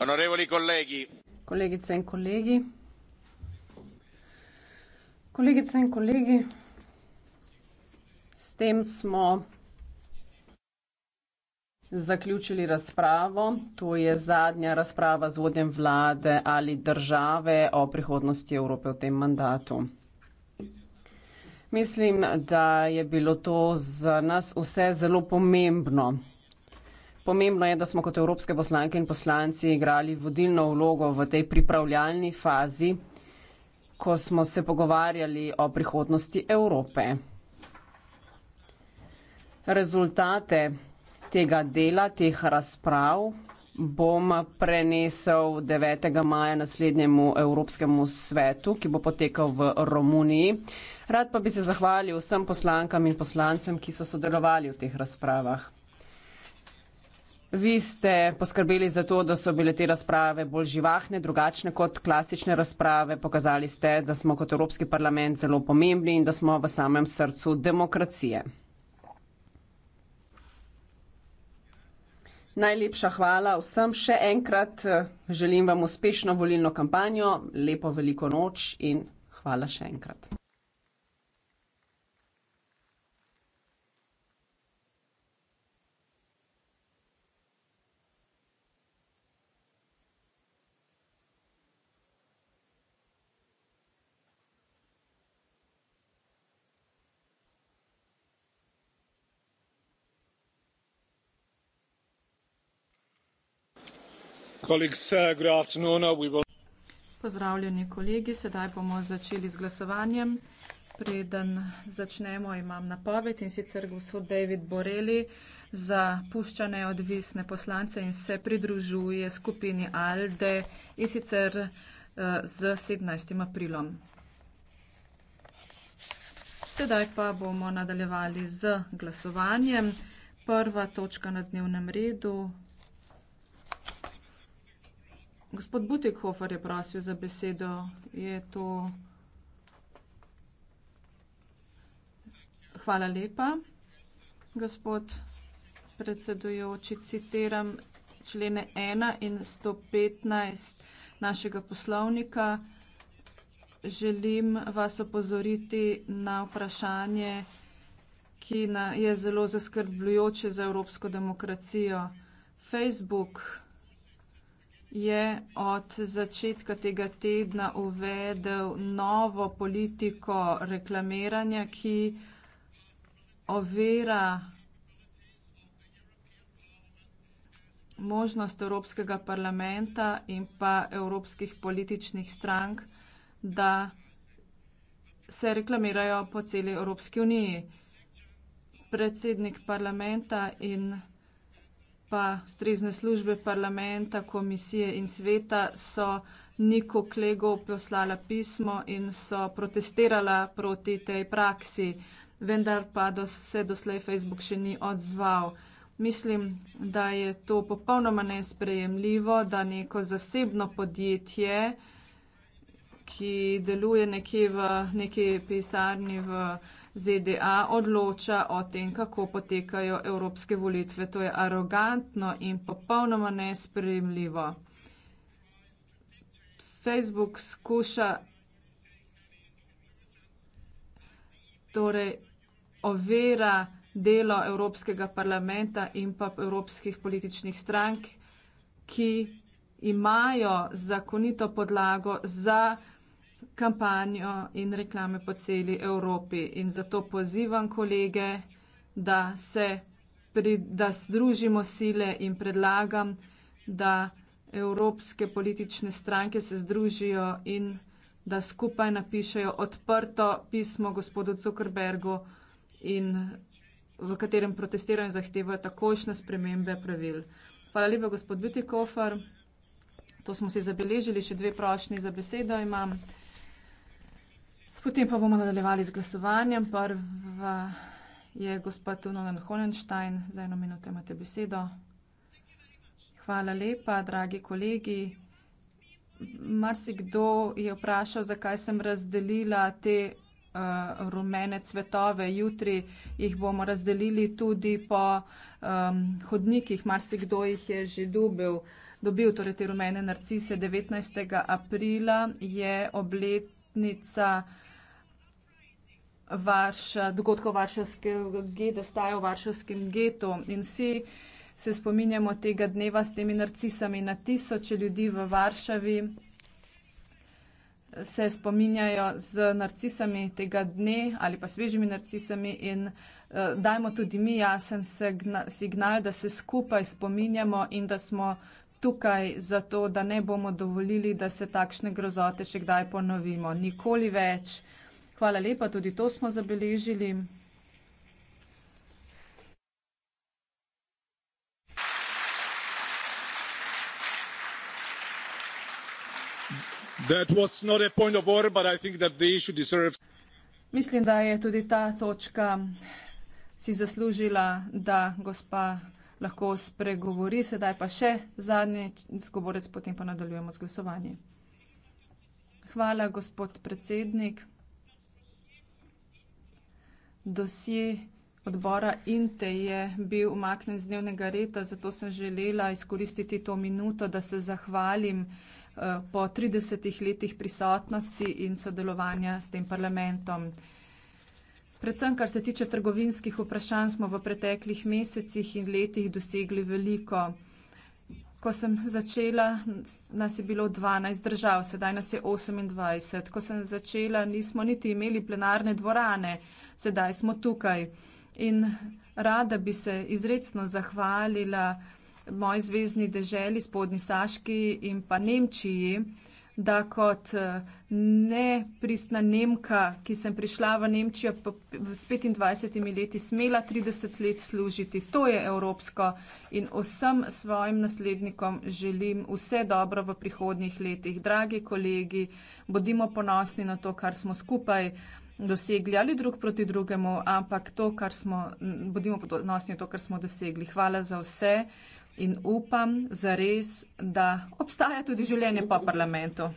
onorevoli colleghi kolegice in kolegi kolegice in kolegi s tem smo zaključili razpravo to je zadnja razprava z vodjem vlade ali države o prihodnosti evrope v tem mandatu. Mislim, da je bilo to za nas vse zelo pomembno. Pomembno je, da smo kot evropske poslanke in poslanci igrali vodilno vlogo v tej pripravljalni fazi, ko smo se pogovarjali o prihodnosti Evrope. Rezultate tega dela, teh razprav bom prenesel 9. maja naslednjemu Evropskemu svetu, ki bo potekal v Romuniji. Rad pa bi se zahvalil vsem poslankam in poslancem, ki so sodelovali v teh razpravah. Vi ste poskrbeli za to, da so bile te razprave bolj živahne, drugačne kot klasične razprave. Pokazali ste, da smo kot Evropski parlament zelo pomembni in da smo v samem srcu demokracije. Najlepša hvala vsem še enkrat. Eh, želim vam uspešno volilno kampanjo, lepo veliko noč in hvala še enkrat. Uh, uh, Pozdravljeni kolegi, sedaj bomo začeli z glasovanjem. Preden začnemo, imam napoved in sicer gospod David Boreli za pušča neodvisne poslance in se pridružuje skupini ALDE in sicer uh, z 17. aprilom. Sedaj pa bomo nadaljevali z glasovanjem. Prva točka na dnevnem redu Gospod Butikhofer je prosil za besedo. Je to... Hvala lepa. Gospod predsedujoči, citiram člene 1 in 115 našega poslovnika. Želim vas opozoriti na vprašanje, ki na, je zelo zaskrbljujoče za evropsko demokracijo. Facebook je od začetka tega tedna uvedel novo politiko reklamiranja, ki ovira možnost Evropskega parlamenta in pa evropskih političnih strank, da se reklamirajo po celi Evropski uniji. Predsednik parlamenta in pa strezne službe parlamenta, komisije in sveta so Niko Klego poslala pismo in so protestirala proti tej praksi, vendar pa do, se doslej Facebook še ni odzval. Mislim, da je to popolnoma nesprejemljivo, da neko zasebno podjetje, ki deluje nekje v neki pisarni v ZDA odloča o tem, kako potekajo evropske volitve. To je arogantno in popolnoma nespremljivo. Facebook skuša torej overa delo Evropskega parlamenta in pa evropskih političnih strank, ki imajo zakonito podlago za kampanjo in reklame po celi Evropi. In zato pozivam kolege, da se pri, da združimo sile in predlagam, da evropske politične stranke se združijo in da skupaj napišejo odprto pismo gospodu Zuckerbergu, in v katerem protestirajo in zahtevajo takošne spremembe pravil. Hvala lepa, gospod Bitikofer. To smo si zabeležili, še dve prošnji za besedo imam. Potem pa bomo nadaljevali z glasovanjem. Prva je gospod Tunolan Holenstein, za eno minuto imate besedo. Hvala lepa, dragi kolegi. Marsikdo je vprašal, zakaj sem razdelila te uh, rumene cvetove. Jutri jih bomo razdelili tudi po um, hodnikih. Marsikdo jih je že dobil, dobil torej te rumene narcise. 19. aprila je obletnica. Varš, eh, dogodkov varšavskega geta, staja v varšavskem getu in vsi se spominjamo tega dneva s temi narcisami. Na tisoče ljudi v Varšavi se spominjajo z narcisami tega dne ali pa svežimi narcisami in eh, dajmo tudi mi jasen signal, da se skupaj spominjamo in da smo tukaj zato, da ne bomo dovolili, da se takšne grozote še kdaj ponovimo. Nikoli več. Hvala lepa, tudi to smo zabeležili. Mislim, da je tudi ta točka si zaslužila, da gospa lahko spregovori. Sedaj pa še zadnji govorec, potem pa nadaljujemo z glasovanjem. Hvala, gospod predsednik dosje odbora INTE je bil umaknen z dnevnega reda, zato sem želela izkoristiti to minuto, da se zahvalim eh, po 30 letih prisotnosti in sodelovanja s tem parlamentom. Predvsem, kar se tiče trgovinskih vprašanj, smo v preteklih mesecih in letih dosegli veliko. Ko sem začela, nas je bilo 12 držav, sedaj nas je 28. Ko sem začela, nismo niti imeli plenarne dvorane sedaj smo tukaj. In rada bi se izredno zahvalila moji zvezdni deželi, Spodnji Saški in pa Nemčiji, da kot nepristna Nemka, ki sem prišla v Nemčijo s 25 leti, smela 30 let služiti. To je evropsko in vsem svojim naslednikom želim vse dobro v prihodnjih letih. Dragi kolegi, bodimo ponosni na to, kar smo skupaj dosegli ali drug proti drugemu, ampak to, kar smo, bodimo ponosni na to, kar smo dosegli. Hvala za vse in upam za res, da obstaja tudi življenje po parlamentu.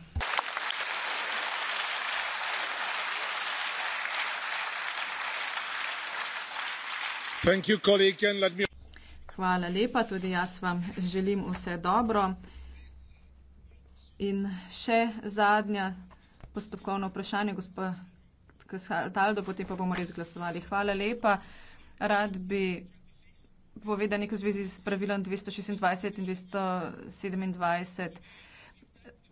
Hvala lepa, tudi jaz vam želim vse dobro. In še zadnja postopkovna vprašanja, gospod Saldaldo, potem pa bomo res glasovali. Hvala lepa. Rad bi povedal nekaj v zvezi s pravilom 226 in 227.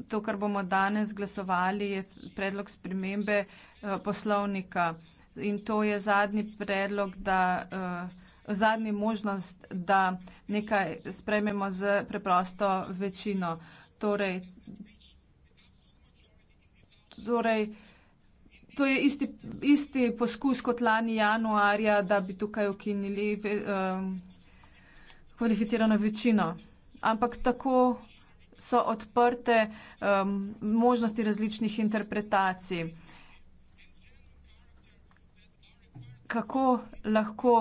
To, kar bomo danes glasovali, je predlog spremembe uh, poslovnika. In to je zadnji predlog, da. Uh, Zadnji možnost, da nekaj sprememo z preprosto večino. Torej, torej, to je isti, isti poskus kot lani januarja, da bi tukaj ukinili ve, um, kvalificirano večino. Ampak tako so odprte um, možnosti različnih interpretacij. Kako lahko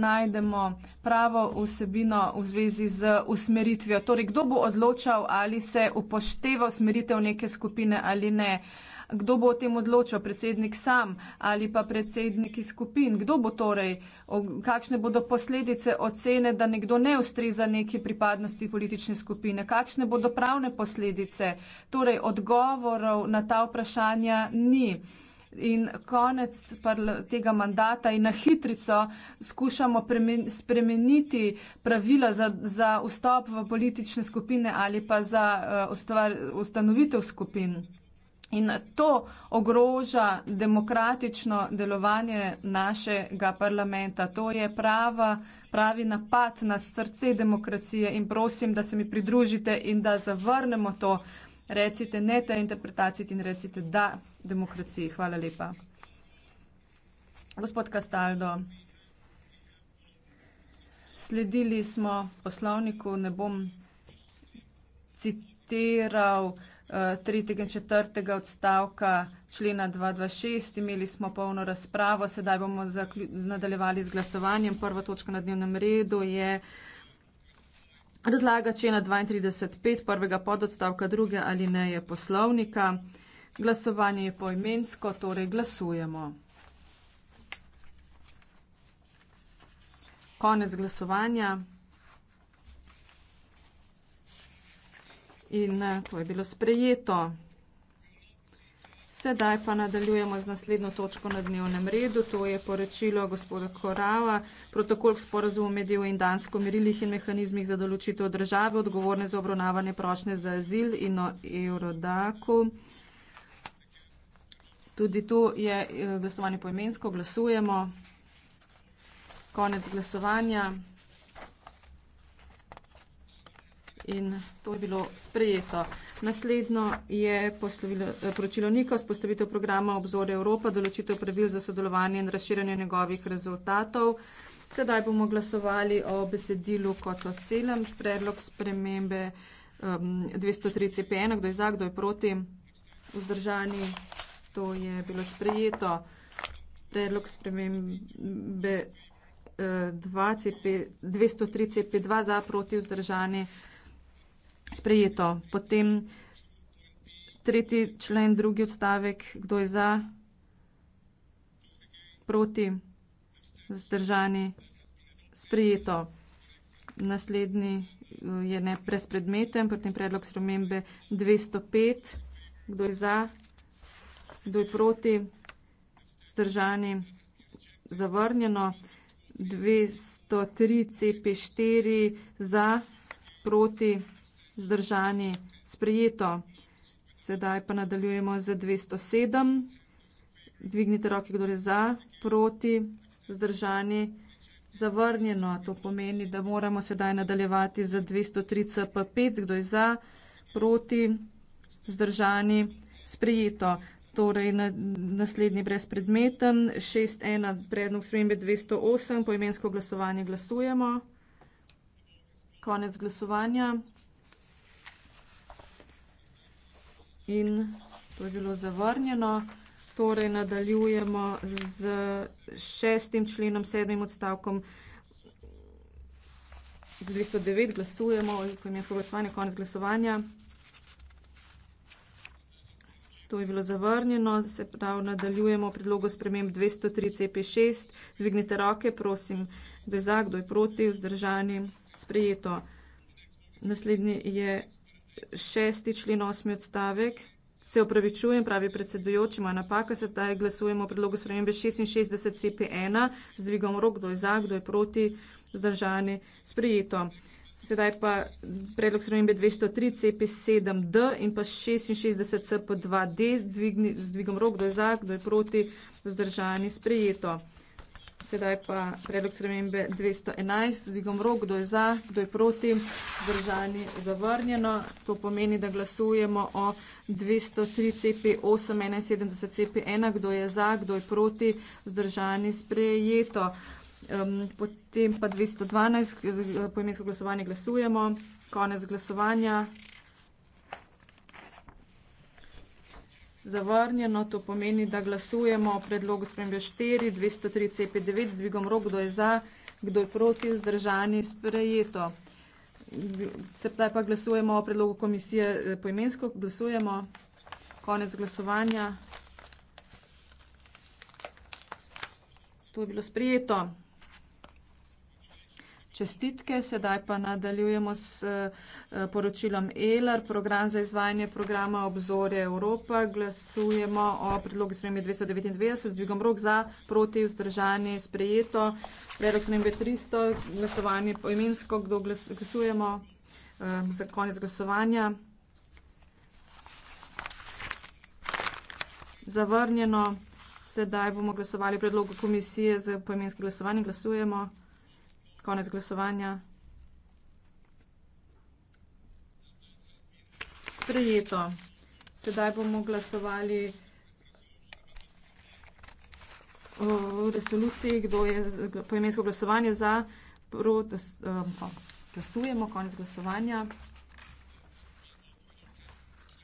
najdemo pravo vsebino v zvezi z usmeritvijo? Torej, kdo bo odločal, ali se upošteva usmeritev neke skupine ali ne? Uh, kdo bo o tem odločil, predsednik sam ali pa predsedniki skupin, kdo bo torej, kakšne bodo posledice ocene, da nekdo ne ustreza neki pripadnosti politične skupine, kakšne bodo pravne posledice, torej odgovorov na ta vprašanja ni. In konec tega mandata in na hitrico skušamo spremeniti pravila za, za vstop v politične skupine ali pa za eh, ustvar, ustanovitev skupin. In to ogroža demokratično delovanje našega parlamenta. To je prava, pravi napad na srce demokracije in prosim, da se mi pridružite in da zavrnemo to. Recite ne te interpretacije in recite da demokraciji. Hvala lepa. Gospod Kastaldo, sledili smo poslovniku, ne bom citiral tretjega in četrtega odstavka člena 226. Imeli smo polno razpravo, sedaj bomo nadaljevali z glasovanjem. Prva točka na dnevnem redu je razlaga člena 32.5. prvega pododstavka druge ali ne je poslovnika. Glasovanje je poimensko, torej glasujemo. Konec glasovanja. In to eh, je bilo sprejeto. Sedaj pa nadaljujemo z naslednjo točko na dnevnem redu, to je poročilo gospoda Korava, protokol k sporozumu med EU in Dansko o merilih in mehanizmih za določitev države, odgovorne za obravnavanje prošnje za azil in o Eurodaku. Tudi tu je eh, glasovanje poimensko, glasujemo. Konec glasovanja. in to je bilo sprejeto. Naslednjo je eh, poročilo Nika, spostavitev programa Obzor Evropa, določitev pravil za sodelovanje in razširanje njegovih rezultatov. Sedaj bomo glasovali o besedilu kot o celem, predlog spremembe um, 203CP1, kdo je za, kdo je proti, vzdržani, to je bilo sprejeto. Predlog spremembe 203CP2 eh, za proti vzdržanje sprejeto. Potem tretji člen, drugi odstavek, kdo je za, proti, zdržani, sprejeto. Naslednji eh, je ne brezpredmeten, potem predlog spremembe 205, kdo je za, kdo je proti, zdržani, zavrnjeno. 203 CP4 za, proti, zdržani, sprejeto. Sedaj pa nadaljujemo z 207. Dvignite roke, kdo je za, proti, zdržani, zavrnjeno. To pomeni, da moramo sedaj nadaljevati z 230 pa 5, kdo je za, proti, zdržani, sprejeto. Torej, naslednji brezpredmeten, 6.1. predlog spremembe 208, poimensko glasovanje glasujemo. Konec glasovanja. in to je bilo zavrnjeno. Torej nadaljujemo z šestim členom, sedmim odstavkom. 209 glasujemo, ko je mesto glasovanja, konec glasovanja. To je bilo zavrnjeno, se pravi nadaljujemo predlogo sprememb 203 CP6. Dvignite roke, prosim, kdo je za, kdo je proti, vzdržani, sprejeto. Naslednji je šesti člen, osmi odstavek. Se upravičujem, pravi predsedujoči, moja napaka, se taj glasujemo o predlogu spremembe 66 CP1 z dvigom rok, kdo je za, kdo je proti, vzdržani, sprijeto. Sedaj pa predlog spremembe 203 CP7D in pa 66 CP2D dvigni, z dvigom rok, kdo je za, kdo je proti, vzdržani, sprijeto. Sedaj pa predlog spremembe 211 z dvigom rok, kdo je za, kdo je proti, zdržani zavrnjeno. To pomeni, da glasujemo o 203 CP8, 71 CP1, kdo je za, kdo je proti, zdržani sprejeto. Um, potem pa 212 poimensko glasovanje glasujemo. Konec glasovanja. Zavrnjeno, to pomeni, da glasujemo o predlogu spremembe 4, 203 CP9 z dvigom rok, kdo je za, kdo je proti, vzdržani, sprejeto. Sedaj pa glasujemo o predlogu komisije eh, poimensko, glasujemo, konec glasovanja. To je bilo sprejeto čestitke. Sedaj pa nadaljujemo s eh, poročilom ELR, program za izvajanje programa Obzorje Evropa. Glasujemo o predlogu spremembe 299 s dvigom rok za proti vzdržanje sprejeto. Predlog spremembe 300, glasovanje poimensko, kdo glas, glasujemo eh, za konec glasovanja. Zavrnjeno. Sedaj bomo glasovali predlogu komisije za poimenski glasovanje. Glasujemo. Konec glasovanja. Sprejeto. Sedaj bomo glasovali o resoluciji, kdo je poimensko glasovanje za, proti, uh, um, glasujemo, konec glasovanja.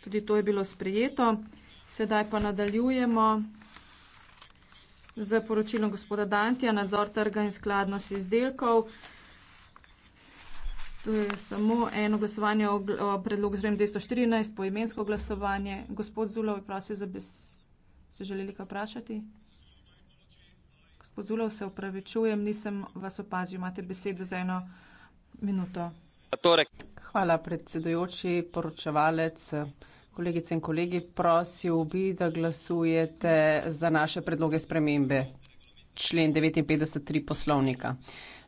Tudi to je bilo sprejeto. Sedaj pa nadaljujemo z poročilom gospoda Dantija, nadzor trga in skladnost izdelkov. Tu je samo eno glasovanje o, o predlogu z rem 214, poimensko glasovanje. Gospod Zulov je prosil, da bi se želeli kaj vprašati. Gospod Zulov, se opravičujem, nisem vas opazil, imate besedo za eno minuto. Hvala, predsedujoči, poročevalec kolegice in kolegi, prosil bi, da glasujete za naše predloge spremembe člen 59.3 poslovnika.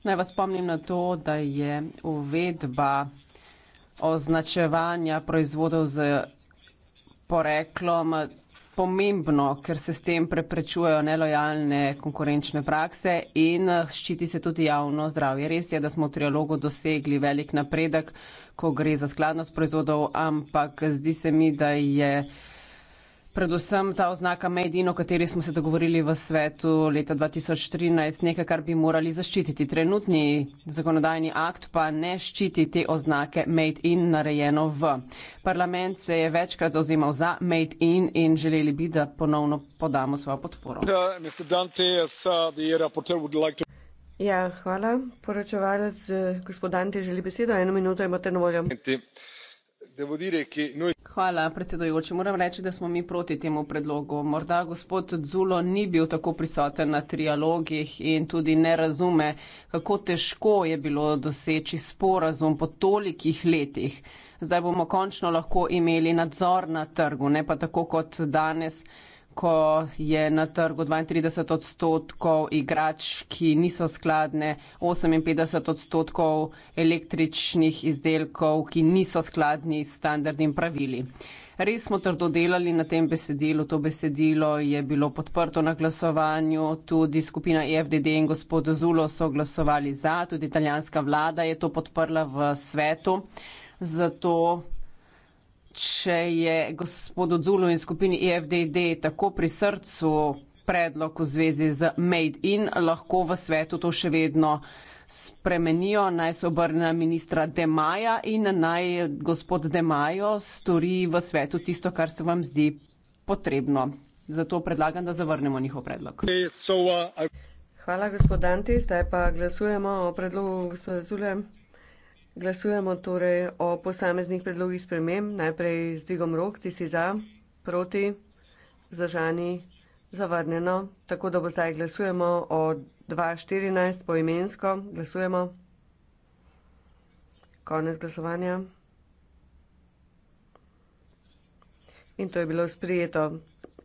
Naj vas spomnim na to, da je uvedba označevanja proizvodov z poreklom pomembno, ker se s tem preprečujejo nelojalne konkurenčne prakse in eh, ščiti se tudi javno zdravje. Res je, da smo v trialogu dosegli velik napredek, ko gre za skladnost proizvodov, ampak zdi se mi, da je predvsem ta oznaka Made in o kateri smo se dogovorili v svetu leta 2013, nekaj, kar bi morali zaščititi. Trenutni zakonodajni akt pa ne ščiti te oznake Made in narejeno v. Parlament se je večkrat zauzemal za Made in in želeli bi, da ponovno podamo svojo podporo. Uh, uh, ja, hvala. Poročevalec, uh, gospod Dante, želi besedo. Eno minuto imate na voljo. Devo dire che noi... Hvala, predsedujoči. Moram reči, da smo mi proti temu predlogu. Morda gospod Zulo ni bil tako prisoten na trialogih in tudi ne razume, kako težko je bilo doseči sporazum po tolikih letih. Zdaj bomo končno lahko imeli nadzor na trgu, ne pa tako kot danes ko je na trgu 32 odstotkov igrač, ki niso skladne, 58 odstotkov električnih izdelkov, ki niso skladni s standardnim pravili. Res smo trdo delali na tem besedilu. To besedilo je bilo podprto na glasovanju, tudi skupina EFDD in gospod Zulo so glasovali za, tudi italijanska vlada je to podprla v svetu. Zato če je gospodu Zulu in skupini IFDD e tako pri srcu predlog v zvezi z Made in, lahko v svetu to še vedno spremenijo, naj se obrne na ministra Demaja in naj gospod Demajo stori v svetu tisto, kar se vam zdi potrebno. Zato predlagam, da zavrnemo njihov predlog. Hvala, gospod Danti. Zdaj pa glasujemo o predlogu gospoda Zulem. Glasujemo torej o posameznih predlogih spremem, najprej z dvigom rok, ti si za, proti, zažani, zavrnjeno. Tako da bo zdaj glasujemo o 2.14 poimensko, glasujemo. Konec glasovanja. In to je bilo sprijeto.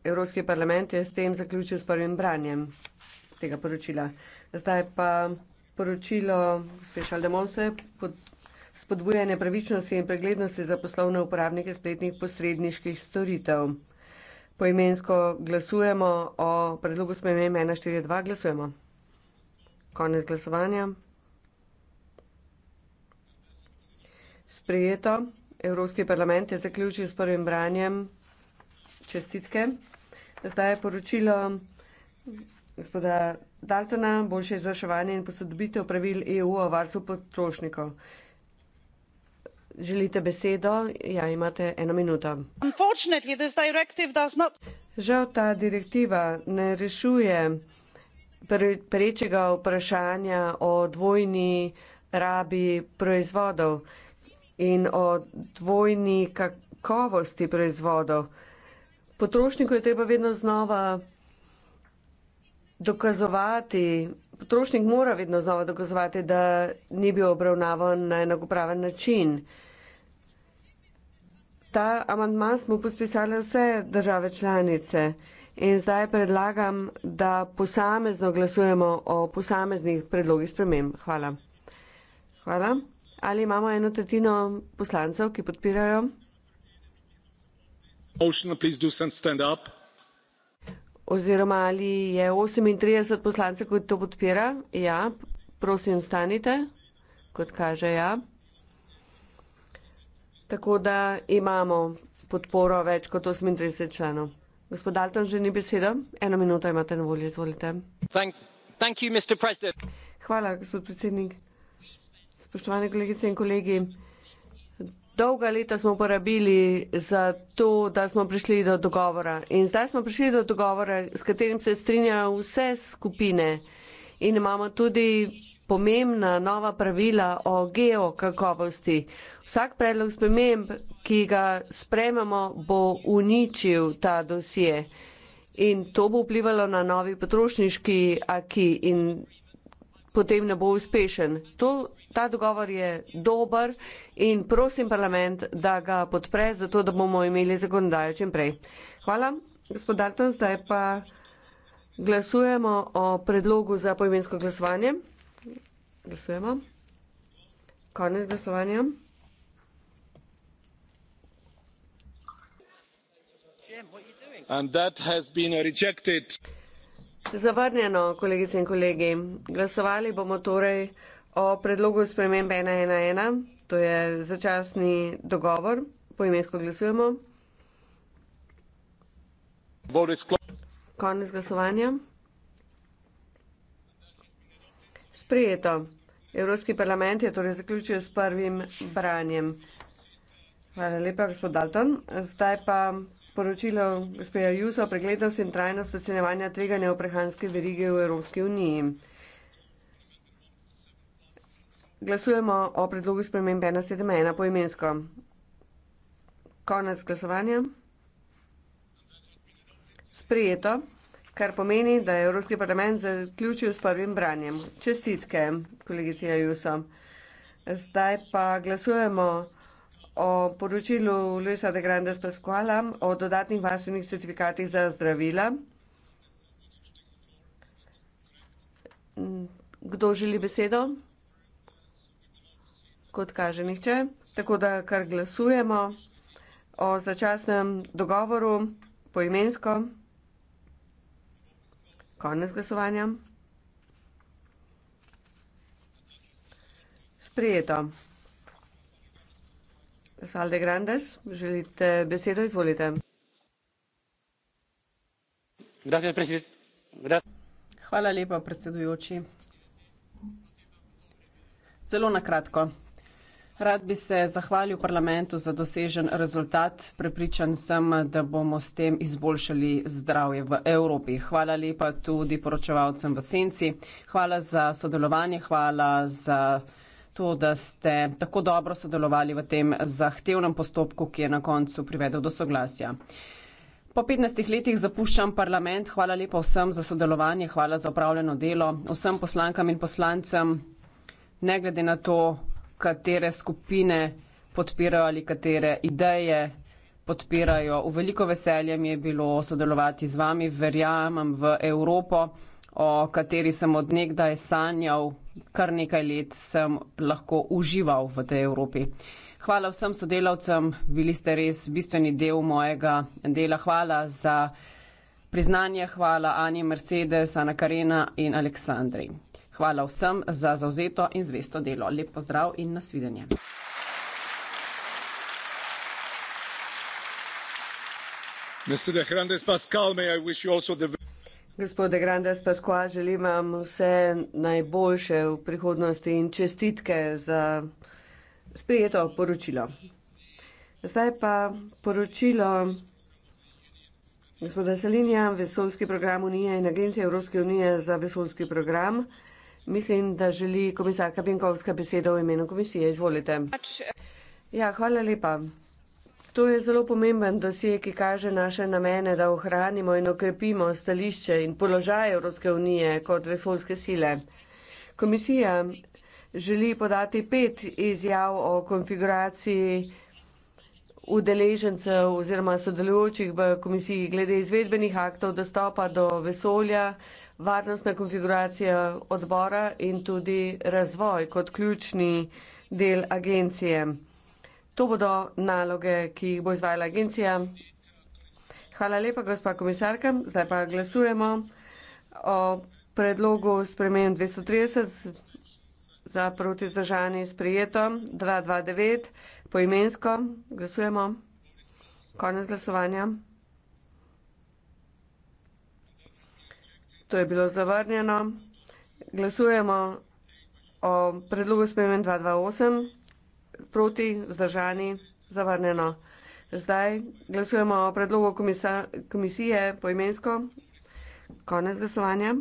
Evropski parlament je s tem zaključil s prvim branjem tega poročila. Zdaj pa poročilo, gospod Šaldemose, pod spodbujanje pravičnosti in preglednosti za poslovne uporabnike spletnih posredniških storitev. Poimensko glasujemo o predlogu spremembe 142, glasujemo. Konec glasovanja. Sprejeto. Evropski parlament je zaključil s prvim branjem. Čestitke. Zdaj je poročilo gospoda Daltona, boljše izvrševanje in posodobitev pravil EU o varstvu potrošnikov. Želite besedo? Ja, imate eno minuto. Žal ta direktiva ne rešuje prečega vprašanja o dvojni rabi proizvodov in o dvojni kakovosti proizvodov. Potrošniku je treba vedno znova dokazovati, potrošnik mora vedno znova dokazovati, da ni bil obravnavan na enakopraven način. Ta amantma smo pospisali vse države članice in zdaj predlagam, da posamezno glasujemo o posameznih predlogih sprememb. Hvala. Hvala. Ali imamo eno tretjino poslancev, ki podpirajo? Motion, please do stand up oziroma ali je 38 poslancev, kot to podpira. Ja, prosim, stanite, kot kaže ja. Tako da imamo podporo več kot 38 članov. Gospod Dalton, želi besedo? Eno minuto imate na voljo, izvolite. Hvala, gospod predsednik. Spoštovane kolegice in kolegi. Dolga leta smo porabili za to, da smo prišli do dogovora. In zdaj smo prišli do dogovora, s katerim se strinjajo vse skupine. In imamo tudi pomembna nova pravila o geokakovosti. Vsak predlog sprememb, ki ga sprememo, bo uničil ta dosje. In to bo vplivalo na novi potrošniški aki in potem ne bo uspešen. To Ta dogovor je dober in prosim parlament, da ga podpre, zato da bomo imeli zakonodajo čim prej. Hvala, gospod Dalton, zdaj pa glasujemo o predlogu za poimensko glasovanje. Glasujemo. Konec glasovanja. Zavrnjeno, kolegice in kolegi. Glasovali bomo torej o predlogu spremembe 111, to je začasni dogovor, poimensko glasujemo. Konec glasovanja. Sprijeto. Evropski parlament je torej zaključil s prvim branjem. Hvala lepa, gospod Dalton. Zdaj pa poročilo gospoda Jusa o pregledu in trajnost ocenevanja tveganja v prehranski verigi v Evropski uniji. Glasujemo o predlogu spremembe 1.7.1 po imensko. Konec glasovanja. Sprijeto, kar pomeni, da je Evropski parlament zaključil s prvim branjem. Čestitke, kolegici Ajuso. Zdaj pa glasujemo o poročilu Luisa de Grandes Pasquala o dodatnih varstvenih certifikatih za zdravila. Kdo želi besedo? kot kaže nihče. Tako da kar glasujemo o začasnem dogovoru poimensko. Konec glasovanja. Sprijeto. Salde Grandes, želite besedo? Izvolite. Hvala lepa, predsedujoči. Zelo na kratko. Rad bi se zahvalil parlamentu za dosežen rezultat. Prepričan sem, da bomo s tem izboljšali zdravje v Evropi. Hvala lepa tudi poročevalcem v Senci. Hvala za sodelovanje, hvala za to, da ste tako dobro sodelovali v tem zahtevnem postopku, ki je na koncu privedel do soglasja. Po 15 letih zapuščam parlament. Hvala lepa vsem za sodelovanje, hvala za upravljeno delo, vsem poslankam in poslancem, ne glede na to, katere skupine podpirajo ali katere ideje podpirajo. V veliko veselje mi je bilo sodelovati z vami, verjamem v Evropo, o kateri sem odnegdaj sanjal, kar nekaj let sem lahko užival v tej Evropi. Hvala vsem sodelavcem, bili ste res bistveni del mojega dela. Hvala za priznanje, hvala Ani Mercedes, Ana Karena in Aleksandri. Hvala vsem za zavzeto in zvesto delo. Lep pozdrav in nasvidenje. Gospod de Grandes Pascual, želim vam vse najboljše v prihodnosti in čestitke za sprejeto poročilo. Zdaj pa poročilo gospoda Salinija, vesoljski program Unije in Agencije Evropske unije za vesoljski program. Mislim, da želi komisarka Pinkovska besedo v imenu komisije. Izvolite. Ja, hvala lepa. To je zelo pomemben dosje, ki kaže naše namene, da ohranimo in okrepimo stališče in položaj Evropske unije kot vesolske sile. Komisija želi podati pet izjav o konfiguraciji udeležencev oziroma sodelujočih v komisiji glede izvedbenih aktov dostopa do vesolja varnostna konfiguracija odbora in tudi razvoj kot ključni del agencije. To bodo naloge, ki jih bo izvajala agencija. Hvala lepa, gospa komisarka. Zdaj pa glasujemo o predlogu spremen 230 za proti zdržani sprejeto 229 poimensko. Glasujemo. Konec glasovanja. To je bilo zavrnjeno. Glasujemo o predlogu spremen 228, proti, vzdržani, zavrnjeno. Zdaj glasujemo o predlogu komisa, komisije po imensko. Konec glasovanja.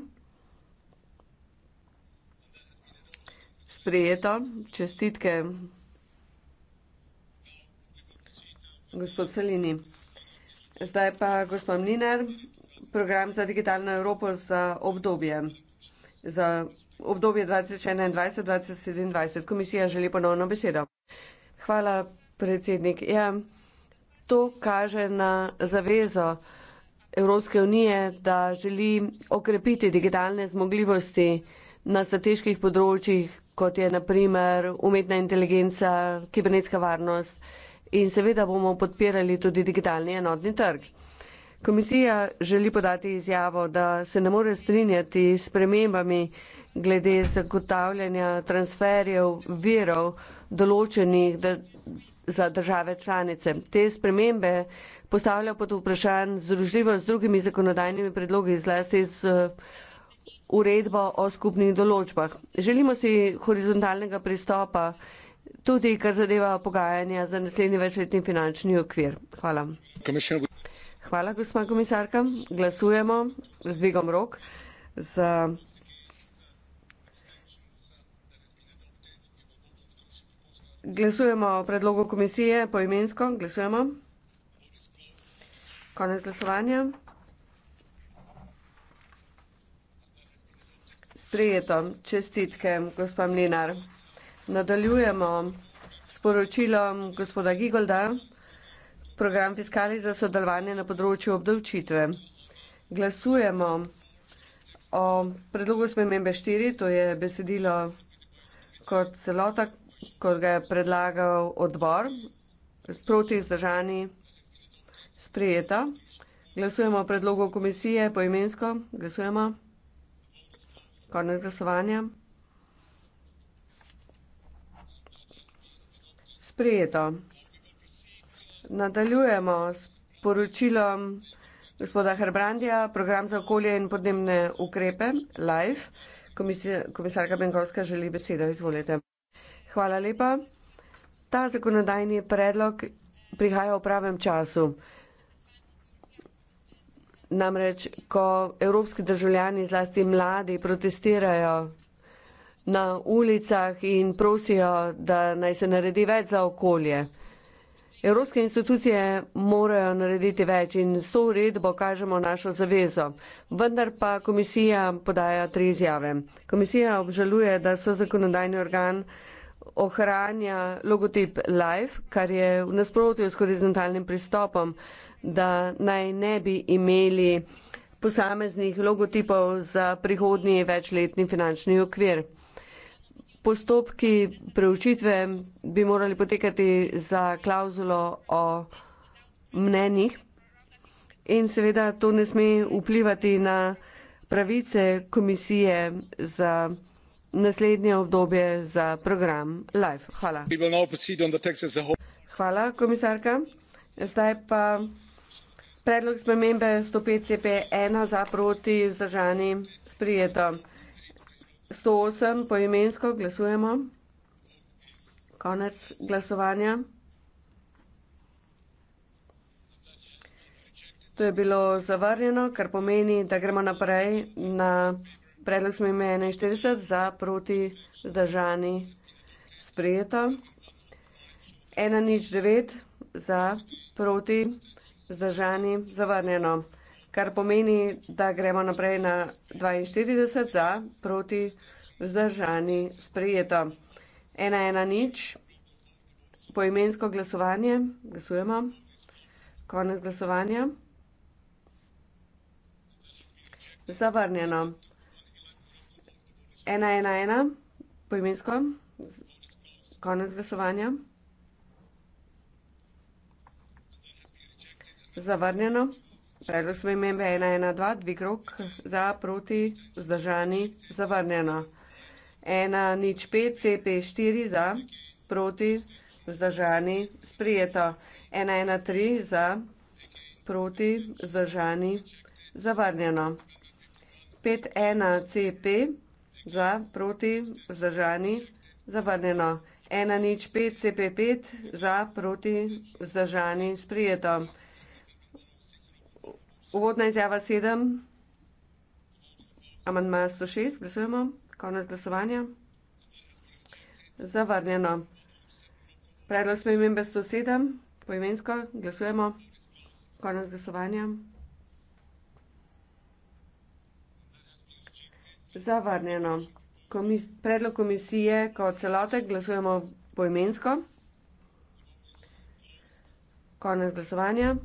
Sprijeto. Čestitke. Gospod Celini. Zdaj pa gospod Mlinar program za digitalno Evropo za obdobje za obdobje 2021-2027. Komisija želi ponovno besedo. Hvala, predsednik. Ja, to kaže na zavezo Evropske unije, da želi okrepiti digitalne zmogljivosti na strateških področjih, kot je naprimer umetna inteligenca, kibernetska varnost in seveda bomo podpirali tudi digitalni enotni trg. Komisija želi podati izjavo, da se ne more strinjati s premembami glede zagotavljanja transferjev virov določenih za države članice. Te spremembe postavlja pod vprašanje združljivo z drugimi zakonodajnimi predlogi, zlasti z uredbo o skupnih določbah. Želimo si horizontalnega pristopa tudi, kar zadeva pogajanja za naslednji večletni finančni okvir. Hvala. Hvala, gospa komisarka. Glasujemo z dvigom rok za Glasujemo o predlogu komisije poimensko. Glasujemo. Konec glasovanja. Sprejeto. Čestitke, gospa Mlinar. Nadaljujemo s poročilom gospoda Gigolda program fiskali za sodelovanje na področju obdavčitve. Glasujemo o predlogu spremembe štiri, to je besedilo kot celota, kot ga je predlagal odbor, proti izdržani sprejeta. Glasujemo o predlogu komisije poimensko, glasujemo. Konec glasovanja. Sprejeto. Nadaljujemo s poročilom gospoda Herbrandija, program za okolje in podnebne ukrepe, live. Komisarka Benkovska želi besedo, izvolite. Hvala lepa. Ta zakonodajni predlog prihaja v pravem času. Namreč, ko evropski državljani, zlasti mladi, protestirajo na ulicah in prosijo, da naj se naredi več za okolje. Evropske institucije morajo narediti več in s to uredbo kažemo našo zavezo. Vendar pa komisija podaja tri izjave. Komisija obžaluje, da so zakonodajni organ ohranja logotip LIFE, kar je v nasprotju s horizontalnim pristopom, da naj ne bi imeli posameznih logotipov za prihodnji večletni finančni okvir postopki preučitve bi morali potekati za klauzulo o mnenjih in seveda to ne sme vplivati na pravice komisije za naslednje obdobje za program LIFE. Hvala. Hvala, komisarka. Zdaj pa predlog spremembe 105 CP1 za proti vzdržani sprijeto. 108 poimensko glasujemo. Konec glasovanja. To je bilo zavarjeno, kar pomeni, da gremo naprej na predlog smeme 41 za proti zdržani sprejeto. 109 za proti zdržani zavarjeno kar pomeni, da gremo naprej na 42 za, proti vzdržani sprejeto. 1-1 nič, poimensko glasovanje, glasujemo, konec glasovanja. Zavrnjeno. 1-1-1, poimensko, konec glasovanja. Zavrnjeno. Predlog smo imeli 112, dvig rok za, proti, vzdržani, zavrnjeno. 105, CP4 za, proti, vzdržani, sprijeto. 113 za, proti, vzdržani, zavrnjeno. 51CP za, proti, vzdržani, zavrnjeno. 105, CP5 za, proti, vzdržani, sprijeto. Uvodna izjava 7, amantma 106, glasujemo, konec glasovanja. Zavrnjeno. Predlog spremembe 107, poimensko, glasujemo, konec glasovanja. Zavrnjeno. Komis predlog komisije kot celotek, glasujemo poimensko, konec glasovanja.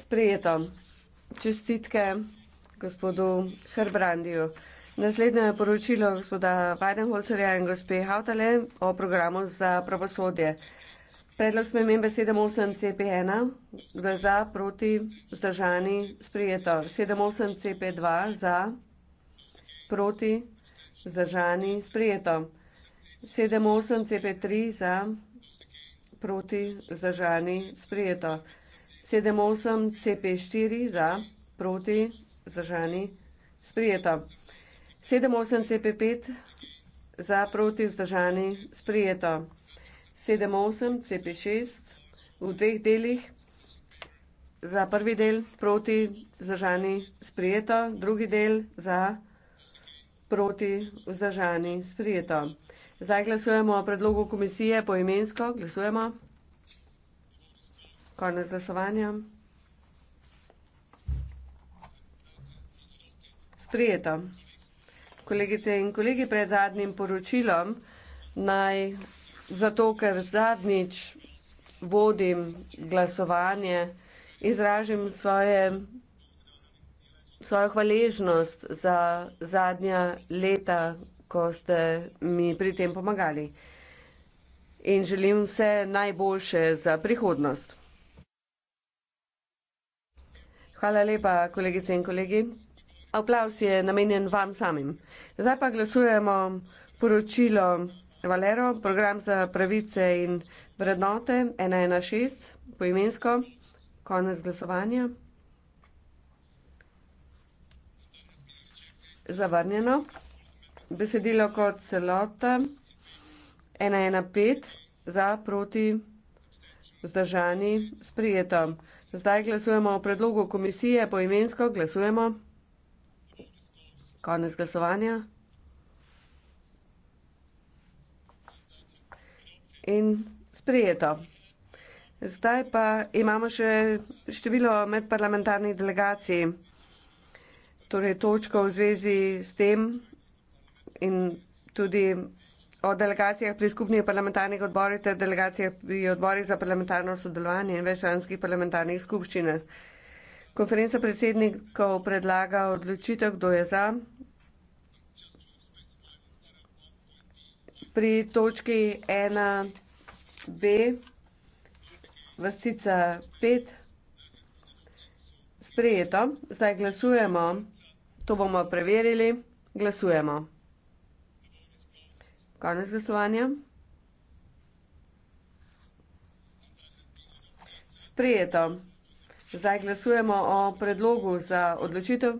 sprejeto. Čestitke gospodu Herbrandiju. Naslednje je poročilo gospoda Weidenholzerja in gospe Hautale o programu za pravosodje. Predlog spremembe 78CP1, kdo je za, proti, vzdržani, sprijeto. 78CP2 za, proti, vzdržani, sprijeto. 78CP3 za, proti, vzdržani, sprijeto. 78, CP4 za, proti, vzdržani, sprijeto. 78, CP5 za, proti, vzdržani, sprijeto. 78, CP6 v dveh delih za prvi del, proti, vzdržani, sprijeto, drugi del za, proti, vzdržani, sprijeto. Zdaj glasujemo o predlogu komisije poimensko, glasujemo. Konec glasovanja. Sprijeto. Kolegice in kolegi, pred zadnjim poročilom naj, zato ker zadnjič vodim glasovanje, izražim svoje, svojo hvaležnost za zadnja leta, ko ste mi pri tem pomagali. In želim vse najboljše za prihodnost. Hvala lepa, kolegice in kolegi. Aplaus je namenjen vam samim. Zdaj pa glasujemo poročilo Valero, program za pravice in vrednote 116, poimensko, konec glasovanja. Zavrnjeno. Besedilo kot celota 115, za, proti, vzdržani, sprijeto. Zdaj glasujemo o predlogu komisije, poimensko glasujemo. Konec glasovanja. In sprijeto. Zdaj pa imamo še število medparlamentarnih delegacij, torej točko v zvezi s tem in tudi o delegacijah pri skupnih parlamentarnih odborih ter delegacijah pri odborih za parlamentarno sodelovanje in večranskih parlamentarnih skupščinah. Konferenca predsednikov predlaga odločitev, kdo je za. Pri točki 1b, vrstica 5, sprejeto. Zdaj glasujemo, to bomo preverili, glasujemo. Konec glasovanja. Sprejeto. Zdaj glasujemo o predlogu za odločitev.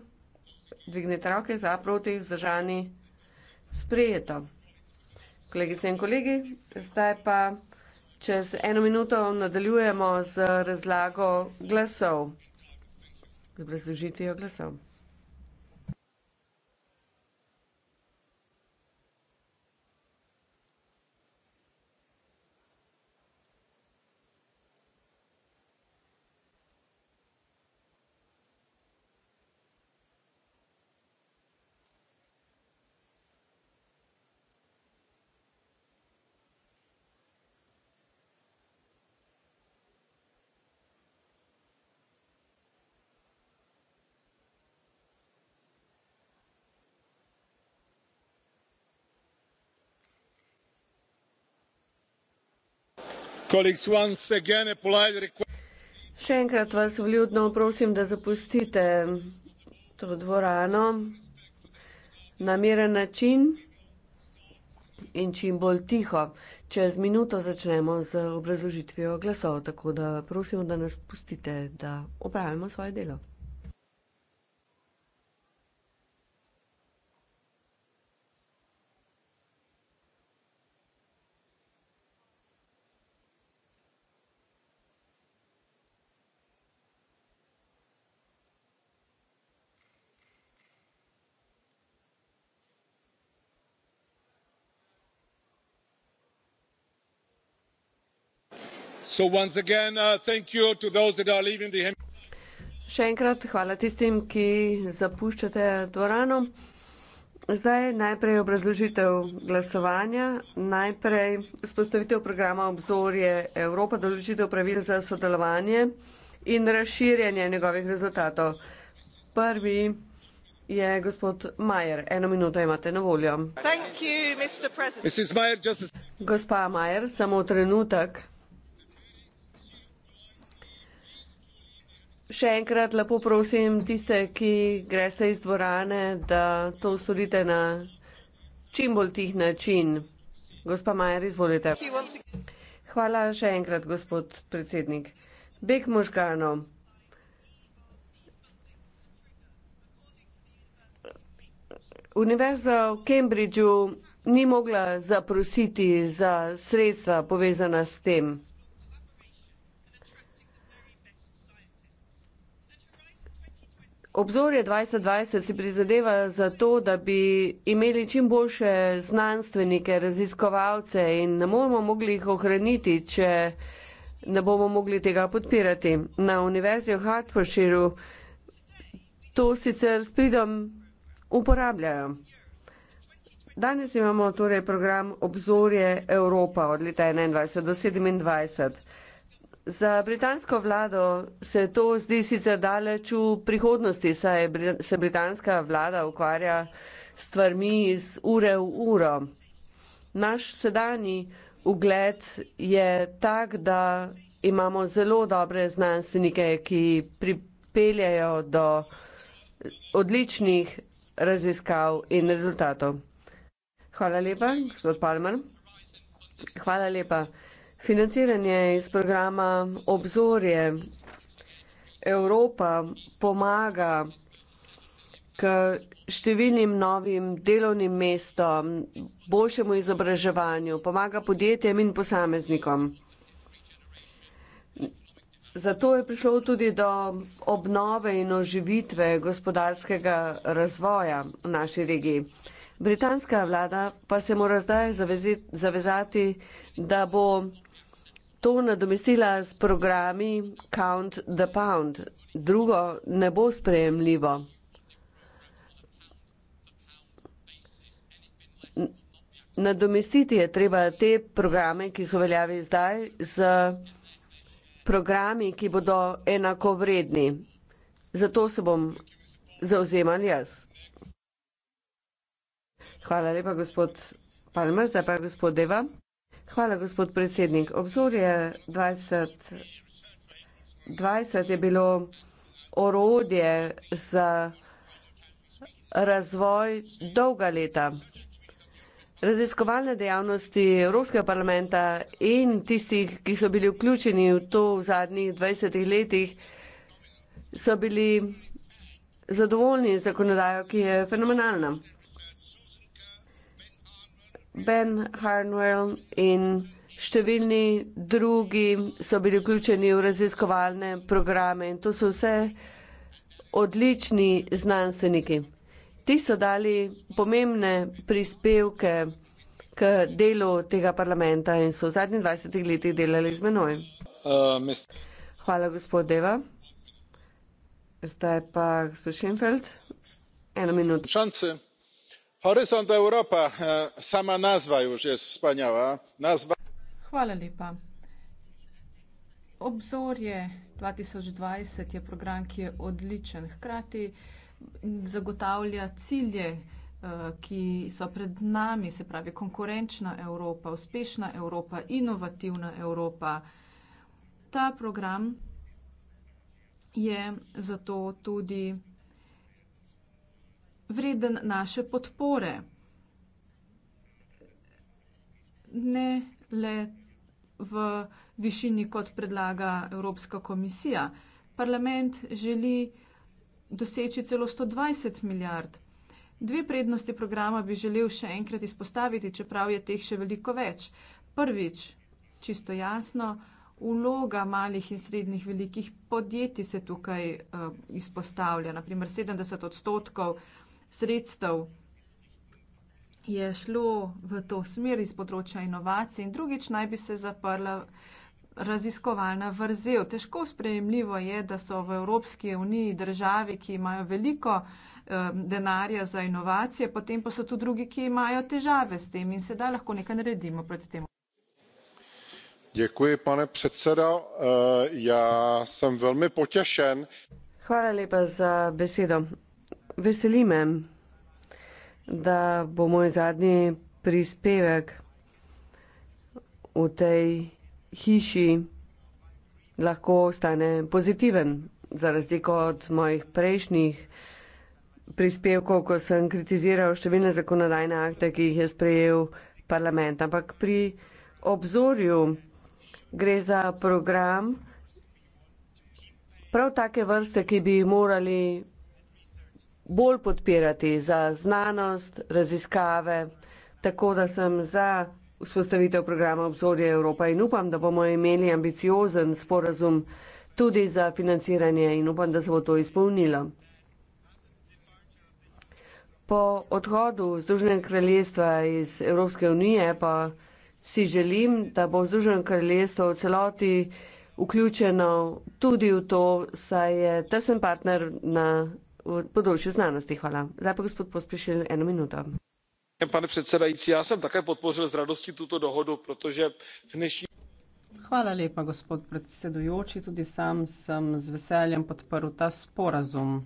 Dvignite roke za proti vzdržani. Sprejeto. Kolegice in kolegi, zdaj pa čez eno minuto nadaljujemo z razlago glasov. Z obrazložitvijo glasov. Še enkrat vas vljudno prosim, da zapustite to dvorano na miren način in čim bolj tiho. Čez minuto začnemo z obrazložitvijo glasov, tako da prosim, da nas pustite, da opravimo svoje delo. Uh, Še enkrat hvala tistim, ki zapuščate dvorano. Zdaj najprej obrazložitev glasovanja, najprej spostavitev programa obzorje Evropa, določitev pravil za sodelovanje in razširjanje njegovih rezultatov. Prvi je gospod Majer. Eno minuto imate na voljo. You, Gospa Majer, samo trenutek. Še enkrat lepo prosim tiste, ki greste iz dvorane, da to storite na čim bolj tih način. Gospa Majer, izvolite. Hvala še enkrat, gospod predsednik. Beg možganov. Univerza v Cambridgeu ni mogla zaprositi za sredstva povezana s tem. Obzorje 2020 si prizadeva za to, da bi imeli čim boljše znanstvenike, raziskovalce in ne bomo mogli jih ohraniti, če ne bomo mogli tega podpirati. Na Univerzi v Hartfordshiru to sicer s pridom uporabljajo. Danes imamo torej program Obzorje Evropa od leta 2021 do 2027. Za britansko vlado se to zdi sicer daleč v prihodnosti, saj se britanska vlada ukvarja s stvarmi iz ure v uro. Naš sedani ugled je tak, da imamo zelo dobre znanstvenike, ki pripeljajo do odličnih raziskav in rezultatov. Hvala lepa, gospod Palmer. Hvala lepa financiranje iz programa Obzorje. Evropa pomaga k številnim novim delovnim mestom, boljšemu izobraževanju, pomaga podjetjem in posameznikom. Zato je prišlo tudi do obnove in oživitve gospodarskega razvoja v naši regiji. Britanska vlada pa se mora zdaj zavezati, da bo to nadomestila s programi Count the Pound. Drugo ne bo sprejemljivo. Nadomestiti je treba te programe, ki so veljavi zdaj, z programi, ki bodo enakovredni. Zato se bom zauzemal jaz. Hvala lepa, gospod Palmer. Zdaj pa gospod Deva. Hvala, gospod predsednik. Obzorje dvajset dvajset je bilo orodje za razvoj dolga leta. Raziskovalne dejavnosti Evropskega parlamenta in tistih, ki so bili vključeni v to v zadnjih dvajsetih letih, so bili zadovoljni z zakonodajo, ki je fenomenalna. Ben Harnwell in številni drugi so bili vključeni v raziskovalne programe in to so vse odlični znanstveniki. Ti so dali pomembne prispevke k delu tega parlamenta in so v zadnjih 20 letih delali z menoj. Hvala, gospod Deva. Zdaj pa gospod Šenfeld. Eno minuto horyzont europa e, sama nazwa już jest wspaniała nazwa. Hvala lepa. Obzorje 2020 je program, ki je odličen. Hkrati zagotavlja cilje, e, ki so pred nami, se pravi konkurenčna Evropa, uspešna Evropa, inovativna Evropa. Ta program je zato tudi vreden naše podpore. Ne le v višini, kot predlaga Evropska komisija. Parlament želi doseči celo 120 milijard. Dve prednosti programa bi želel še enkrat izpostaviti, čeprav je teh še veliko več. Prvič, čisto jasno, vloga malih in srednjih velikih podjetij se tukaj uh, izpostavlja. Naprimer, 70 odstotkov uh, sredstev je šlo v to smer iz področja inovacij in drugič naj bi se zaprla raziskovalna vrzel. Težko sprejemljivo je, da so v Evropski uniji države, ki imajo veliko eh, denarja za inovacije, potem pa so tu drugi, ki imajo težave s tem in sedaj lahko nekaj naredimo proti temu. Děkuji, pane předsedo. Eh, já jsem velmi potěšen. Hvala lepa za besedo veseli me, da bo moj zadnji prispevek v tej hiši lahko ostane pozitiven, za razliko od mojih prejšnjih prispevkov, ko sem kritiziral številne zakonodajne akte, ki jih je sprejel parlament. Ampak pri obzorju gre za program prav take vrste, ki bi morali bolj podpirati za znanost, raziskave, tako da sem za vzpostavitev programa Obzorje Evropa in upam, da bomo imeli ambiciozen sporazum tudi za financiranje in upam, da se bo to izpolnilo. Po odhodu Združenega kraljestva iz Evropske unije pa si želim, da bo Združeno kraljestvo v celoti vključeno tudi v to, saj je tesen partner na področju znanosti. Hvala. Zdaj pa gospod Pospešil, eno minuto. Ja, pane predsedajúci, ja som také podpořil s radosti túto dohodu, pretože v dnešní... Hvala lepa, gospod predsedujoči. Tudi sam sem z veseljem podprl ta sporazum.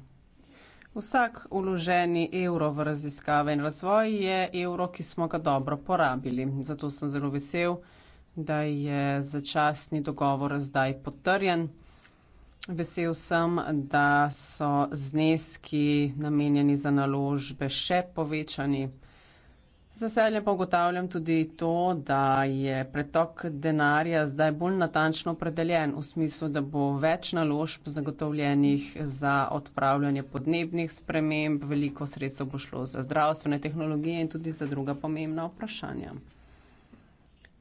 Vsak uloženi evro v raziskave in razvoj je evro, ki smo ga dobro porabili. Zato sem zelo vesel, da je začasni dogovor zdaj potrjen. Vesel sem, da so zneski namenjeni za naložbe še povečani. Z veseljem pa ugotavljam tudi to, da je pretok denarja zdaj bolj natančno opredeljen v smislu, da bo več naložb zagotovljenih za odpravljanje podnebnih sprememb, veliko sredstev bo šlo za zdravstvene tehnologije in tudi za druga pomembna vprašanja.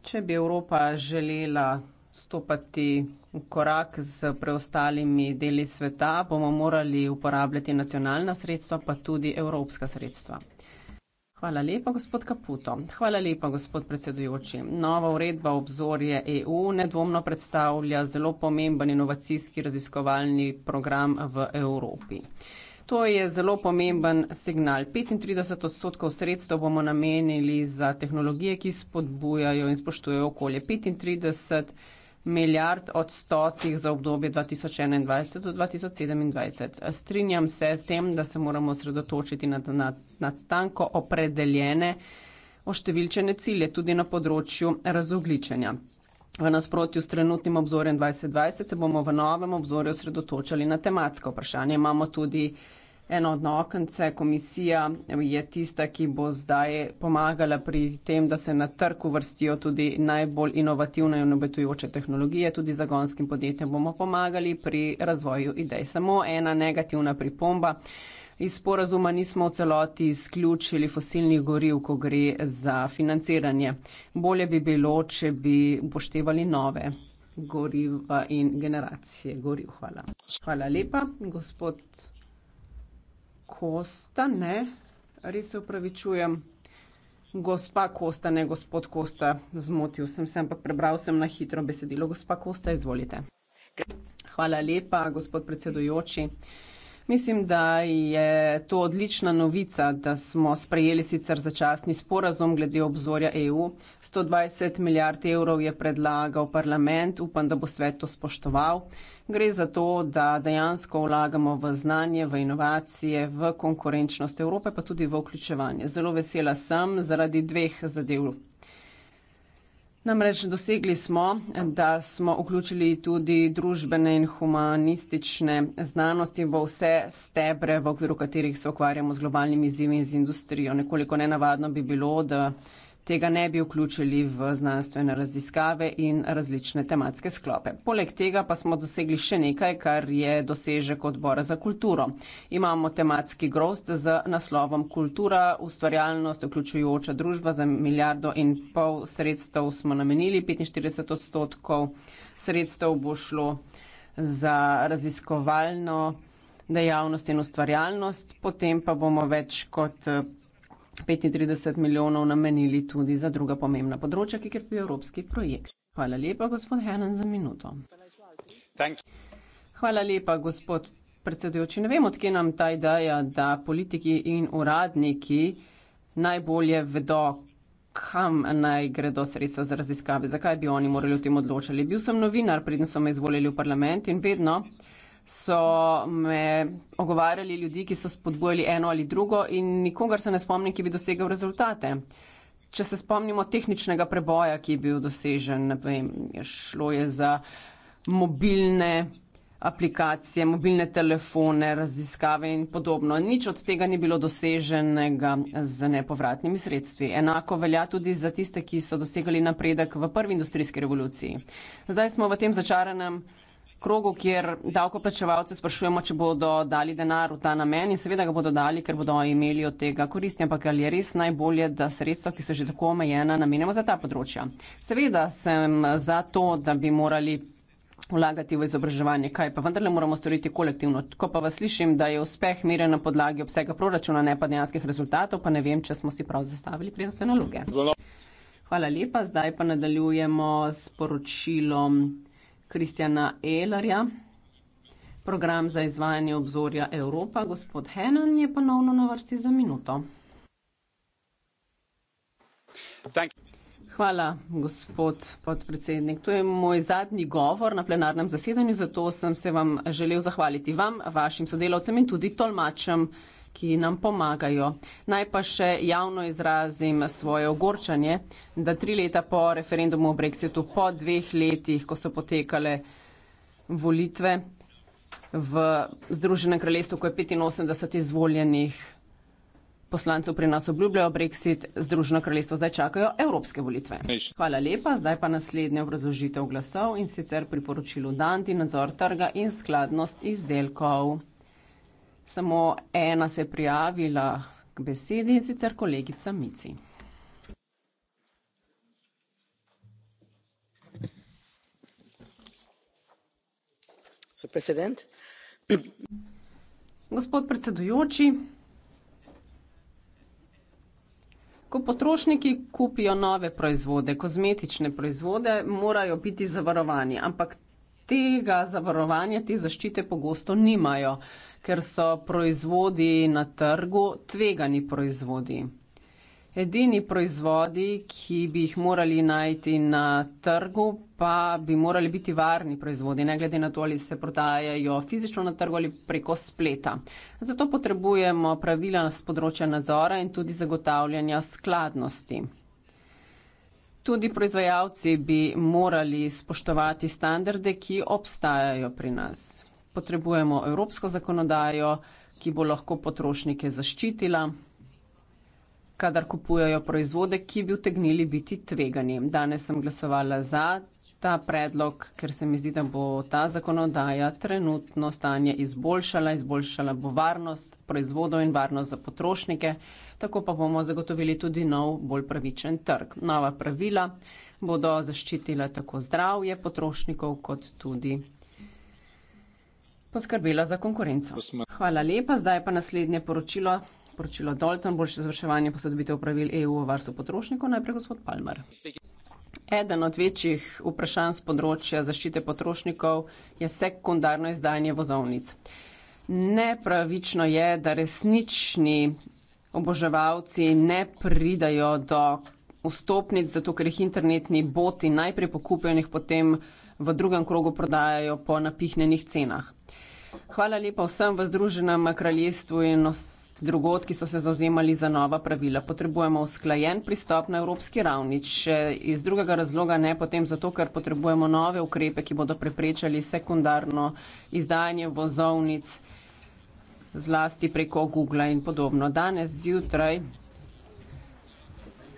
Če bi Evropa želela stopati v korak z preostalimi deli sveta, bomo morali uporabljati nacionalna sredstva, pa tudi evropska sredstva. Hvala lepa, gospod Kaputo. Hvala lepa, gospod predsedujoči. Nova uredba obzorje EU nedvomno predstavlja zelo pomemben inovacijski raziskovalni program v Evropi. To je zelo pomemben signal. 35 odstotkov sredstev bomo namenili za tehnologije, ki spodbujajo in spoštujejo okolje. 35 odstotkov milijard od stotih za obdobje 2021 do 2027. Strinjam se s tem, da se moramo osredotočiti na, na, na tanko opredeljene oštevilčene cilje tudi na področju razogličenja. V nasprotju s trenutnim obzorjem 2020 se bomo v novem obzorju osredotočali na tematsko vprašanje. Imamo tudi uh, eno od okence, komisija je tista, ki bo zdaj pomagala pri tem, da se na trgu vrstijo tudi najbolj inovativne in obetujoče tehnologije. Tudi zagonskim podjetjem bomo pomagali pri razvoju idej. Samo ena negativna pripomba. Iz sporazuma nismo v celoti izključili fosilnih goriv, ko gre za financiranje. Bolje bi bilo, če bi upoštevali nove goriva in generacije goriv. Hvala. Hvala lepa, gospod. Kosta, ne? Res se upravičujem. Gospa Kosta, ne gospod Kosta, zmotil sem se, ampak prebral sem na hitro besedilo. Gospa Kosta, izvolite. Hvala lepa, gospod predsedujoči. Mislim, da je to odlična novica, da smo sprejeli sicer začasni sporazum glede obzorja EU. 120 milijard evrov je predlagal parlament, upam, da bo svet to spoštoval. Uh, Gre za to, da dejansko vlagamo v znanje, v inovacije, v konkurenčnost Evrope, pa tudi v vključevanje. Zelo vesela sem zaradi dveh zadev. Namreč dosegli smo, da smo vključili tudi družbene in humanistične znanosti v vse stebre, v okviru katerih se ukvarjamo z globalnimi izzivi in z industrijo. Nekoliko nenavadno bi bilo, da tega ne bi vključili v znanstvene raziskave in različne tematske sklope. Poleg tega pa smo dosegli še nekaj, kar je dosežek odbora za kulturo. Imamo tematski grost z naslovom Kultura, ustvarjalnost, vključujoča družba za milijardo in pol sredstev smo namenili, 45 odstotkov sredstev bo šlo za raziskovalno dejavnost in ustvarjalnost, potem pa bomo več kot 35 milijonov namenili tudi za druga pomembna področja, ki krpijo evropski projekt. Hvala lepa, gospod Henen, za minuto. Hvala lepa, gospod predsedujoči. Ne vem, odkje nam ta ideja, da politiki in uradniki najbolje vedo, kam naj gredo sredstva za raziskave, zakaj bi oni morali o tem odločali. Bil sem novinar, preden so me izvolili v parlament in vedno so me ogovarjali ljudi, ki so spodbojali eno ali drugo in nikogar se ne spomnim, ki bi dosegal rezultate. Če se spomnimo tehničnega preboja, ki je bil dosežen, ne vem, šlo je za mobilne aplikacije, mobilne telefone, raziskave in podobno. Nič od tega ni bilo doseženega z nepovratnimi sredstvi. Enako velja tudi za tiste, ki so dosegali napredek v prvi industrijski revoluciji. Zdaj smo v tem začaranem krogu, kjer davkoplačevalce sprašujemo, če bodo dali denar v ta namen in seveda ga bodo dali, ker bodo imeli od tega koristi, ampak ali je res najbolje, da sredstva, ki so že tako omejena, namenjamo za ta področja. Seveda sem za to, da bi morali vlagati v izobraževanje, kaj pa vendarle moramo storiti kolektivno. Ko pa vas slišim, da je uspeh merjen na podlagi obsega proračuna, ne pa dejanskih rezultatov, pa ne vem, če smo si prav zastavili prednostne naloge. Hvala lepa, zdaj pa nadaljujemo s poročilom. Kristjana Elarja, program za izvajanje obzorja Evropa. Gospod Henan je ponovno na vrsti za minuto. Hvala, gospod podpredsednik. To je moj zadnji govor na plenarnem zasedanju, zato sem se vam želel zahvaliti vam, vašim sodelavcem in tudi tolmačem ki nam pomagajo. Naj pa še javno izrazim svoje ogorčanje, da tri leta po referendumu o Brexitu, po dveh letih, ko so potekale volitve v Združenem kraljestvu, ko je 85 izvoljenih poslancev pri nas obljubljajo Brexit, Združeno kraljestvo zdaj čakajo evropske volitve. Hvala lepa, zdaj pa naslednja obrazložitev glasov in sicer priporočilo Danti, nadzor trga in skladnost izdelkov. Samo ena se je prijavila k besedi in sicer kolegica Mici. Gospod predsedujoči, ko potrošniki kupijo nove proizvode, kozmetične proizvode, morajo biti zavarovani, ampak tega zavarovanja, te zaščite pogosto nimajo ker so proizvodi na trgu tvegani proizvodi. Edini proizvodi, ki bi jih morali najti na trgu, pa bi morali biti varni proizvodi, ne glede na to, ali se prodajajo fizično na trgu ali preko spleta. Zato potrebujemo pravila z področja nadzora in tudi zagotavljanja skladnosti. Tudi proizvajalci bi morali spoštovati standarde, ki obstajajo pri nas potrebujemo evropsko zakonodajo, ki bo lahko potrošnike zaščitila, kadar kupujajo proizvode, ki bi utegnili biti tvegani. Danes sem glasovala za ta predlog, ker se mi zdi, da bo ta zakonodaja trenutno stanje izboljšala, izboljšala bo varnost proizvodov in varnost za potrošnike, tako pa bomo zagotovili tudi nov, bolj pravičen trg. Nova pravila bodo zaščitila tako zdravje potrošnikov kot tudi poskrbela za konkurenco. Hvala lepa, zdaj pa naslednje poročilo. Poročilo Dalton, boljše zvrševanje posodobitev pravil EU o varstvu potrošnikov, najprej gospod Palmer. Eden od večjih vprašanj z področja zaščite potrošnikov je sekundarno izdajanje vozovnic. Nepravično je, da resnični oboževalci ne pridajo do vstopnic, zato ker jih internetni boti najprej pokupljenih, potem v drugem krogu prodajajo po napihnenih cenah. Hvala lepa vsem v Združenem kraljestvu in drugot, ki so se zauzemali za nova pravila. Potrebujemo usklajen pristop na evropski ravni. Če iz drugega razloga ne, potem zato, ker potrebujemo nove ukrepe, ki bodo preprečali sekundarno izdajanje vozovnic zlasti preko Google in podobno. Danes zjutraj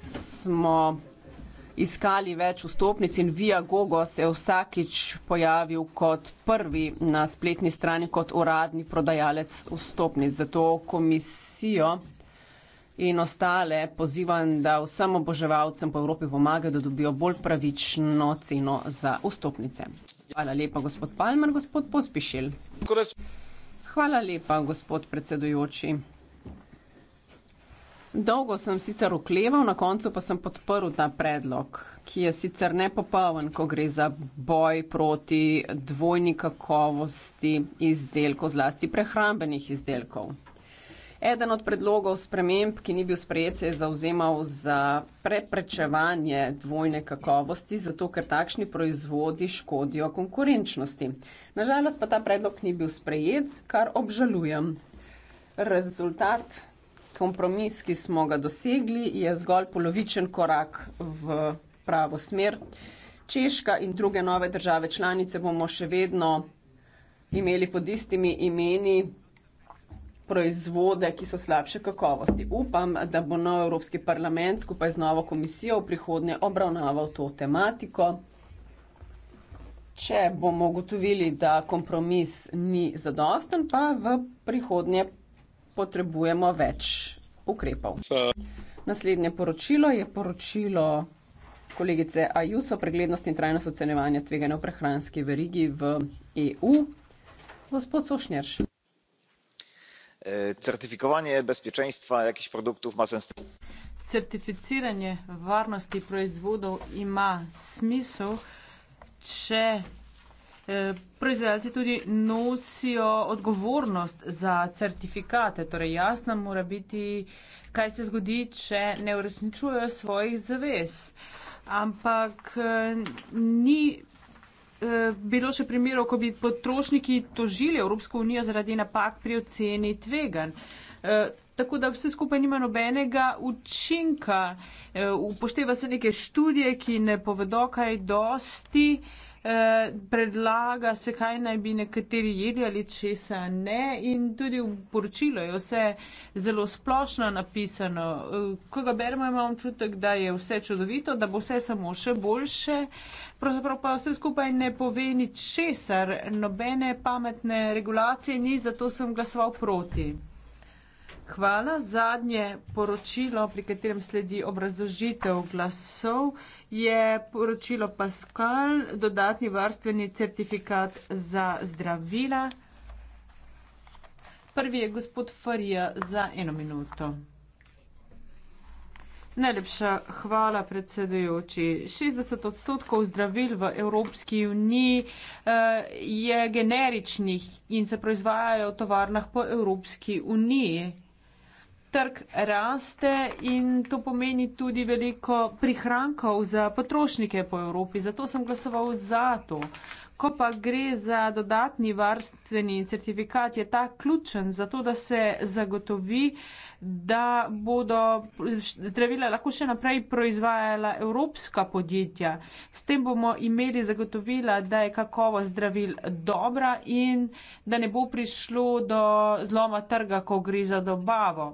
smo iskali več vstopnic in Via Gogo se je vsakič pojavil kot prvi na spletni strani kot uradni prodajalec vstopnic. Zato komisijo in ostale pozivam, da vsem oboževalcem po Evropi pomaga, da dobijo bolj pravično ceno za vstopnice. Hvala lepa, gospod Palmer, gospod Pospišil. Hvala lepa, gospod predsedujoči. Dolgo sem sicer okleval, na koncu pa sem podprl ta predlog, ki je sicer nepopoln, ko gre za boj proti dvojni kakovosti izdelkov, zlasti prehrambenih izdelkov. Eden od predlogov sprememb, ki ni bil sprejet, se je zauzemal za preprečevanje dvojne kakovosti, zato ker takšni proizvodi škodijo konkurenčnosti. Nažalost pa ta predlog ni bil sprejet, kar obžalujem. Rezultat kompromis, ki smo ga dosegli, je zgolj polovičen korak v pravo smer. Češka in druge nove države članice bomo še vedno imeli pod istimi imeni proizvode, ki so slabše kakovosti. Upam, da bo nov Evropski parlament skupaj z novo komisijo v prihodnje obravnaval to tematiko. Če bomo ugotovili, da kompromis ni zadosten, pa v prihodnje potrebujemo več ukrepov. Naslednje poročilo je poročilo kolegice Ajuso, preglednost in trajnost ocenevanja tveganja v prehranski verigi v EU. Gospod Sošnjerš. Eh, certifikovanje bezpečenstva jakih produktov ima sens. Certificiranje varnosti proizvodov ima smisel, če Eh, proizvajalci tudi nosijo odgovornost za certifikate, torej jasno mora biti, kaj se zgodi, če ne uresničujejo svojih zavez. Ampak eh, ni eh, bilo še primerov, ko bi potrošniki tožili Evropsko unijo zaradi napak pri oceni tvegan. Tako da vse skupaj nima nobenega učinka. Upošteva se neke študije, ki ne povedo kaj dosti predlaga se, kaj naj bi nekateri jedli ali česa ne. In tudi v poročilu je vse zelo splošno napisano. Ko ga beremo, imamo občutek, da je vse čudovito, da bo vse samo še boljše. Pravzaprav pa vse skupaj ne pove ni česar, nobene pametne regulacije ni, zato sem glasoval proti. Hvala. Zadnje poročilo, pri katerem sledi obrazložitev glasov, je poročilo Pascal, dodatni varstveni certifikat za zdravila. Prvi je gospod Farija za eno minuto. Najlepša hvala, predsedujoči. 60 odstotkov zdravil v Evropski uniji eh, je generičnih in se proizvajajo v tovarnah po Evropski uniji trg raste in to pomeni tudi veliko prihrankov za potrošnike po Evropi. Zato sem glasoval za to. Ko pa gre za dodatni varstveni certifikat, je ta ključen za to, da se zagotovi, da bodo zdravila lahko še naprej proizvajala evropska podjetja. S tem bomo imeli zagotovila, da je kakovost zdravil dobra in da ne bo prišlo do zloma trga, ko gre za dobavo.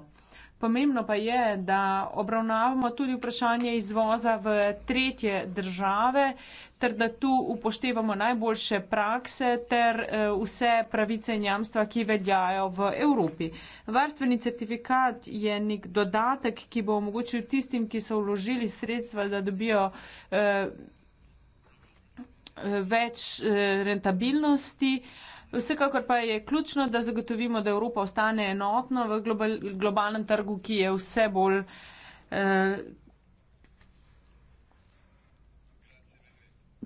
Pomembno pa je, da obravnavamo tudi vprašanje izvoza v tretje države, ter da tu upoštevamo najboljše prakse ter eh, vse pravice in jamstva, ki veljajo v Evropi. Varstveni certifikat je nek dodatek, ki bo omogočil tistim, ki so vložili sredstva, da dobijo eh, eh, več rentabilnosti. Vsekakor pa je ključno, da zagotovimo, da Evropa ostane enotna v global, globalnem trgu, ki je vse bolj. Eh,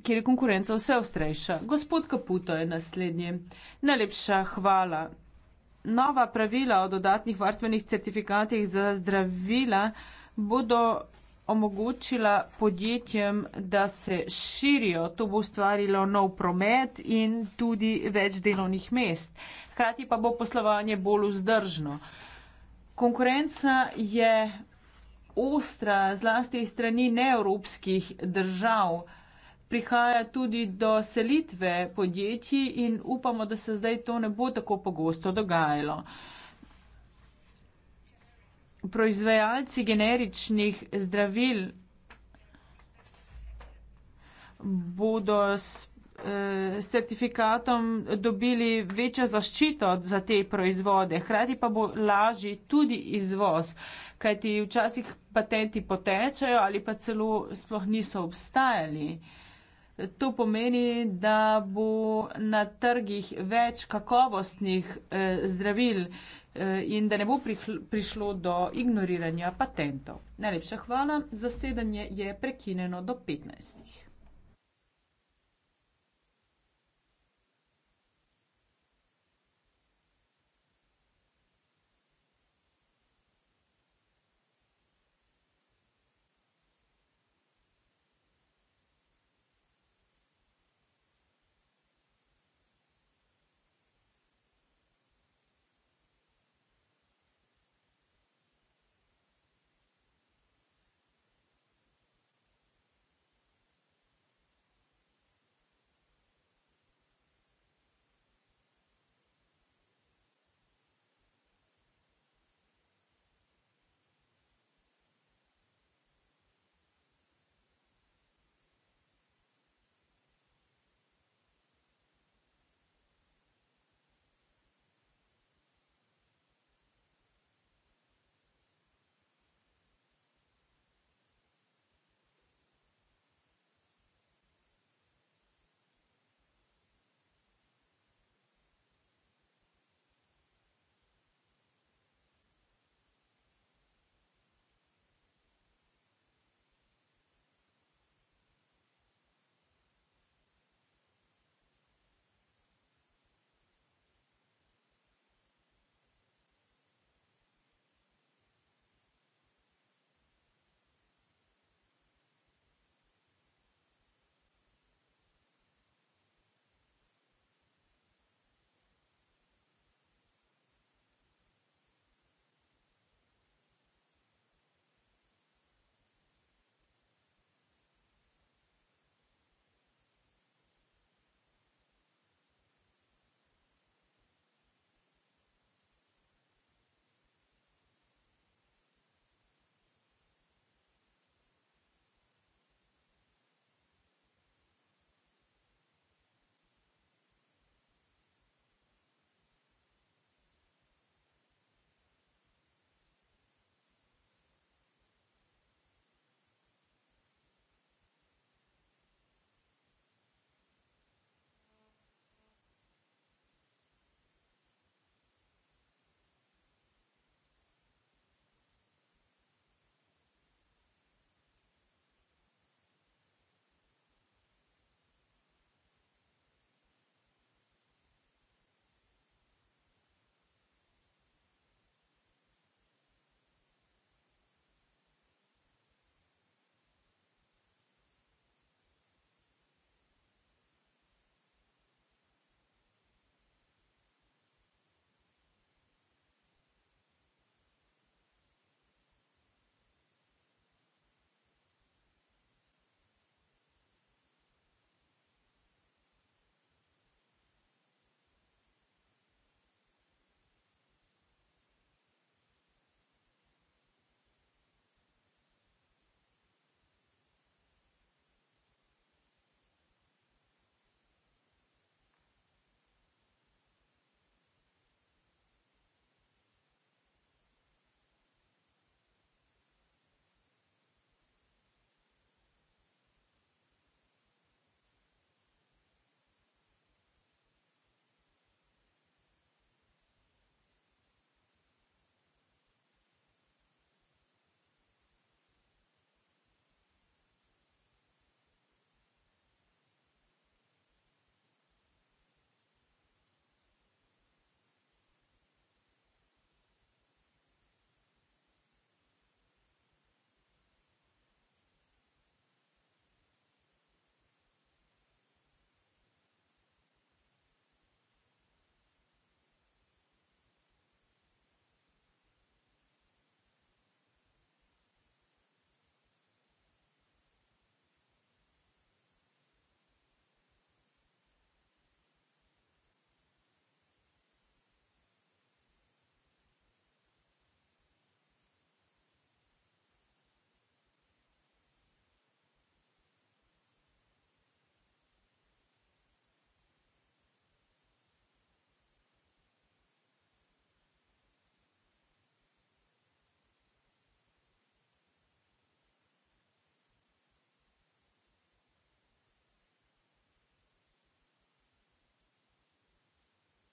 kjer je konkurenca vse ostrejša. Gospod Kaputo je naslednji. Najlepša hvala. Nova pravila o dodatnih varstvenih certifikatih za zdravila bodo omogočila podjetjem, da se širijo. To bo ustvarilo nov promet in tudi več delovnih mest. Hkrati pa bo poslovanje bolj vzdržno. Konkurenca je ostra, zlasti strani neevropskih držav. Prihaja tudi do selitve podjetij in upamo, da se zdaj to ne bo tako pogosto dogajalo. Uh, proizvajalci generičnih zdravil bodo s eh, certifikatom dobili večjo zaščito za te proizvode. Hkrati pa bo lažji tudi izvoz, kajti včasih patenti potečajo ali pa celo sploh niso obstajali. To pomeni, da bo na trgih več kakovostnih eh, zdravil, Eh, in da ne bo prišlo do ignoriranja patentov. Najlepša hvala, zasedanje je prekinjeno do 15.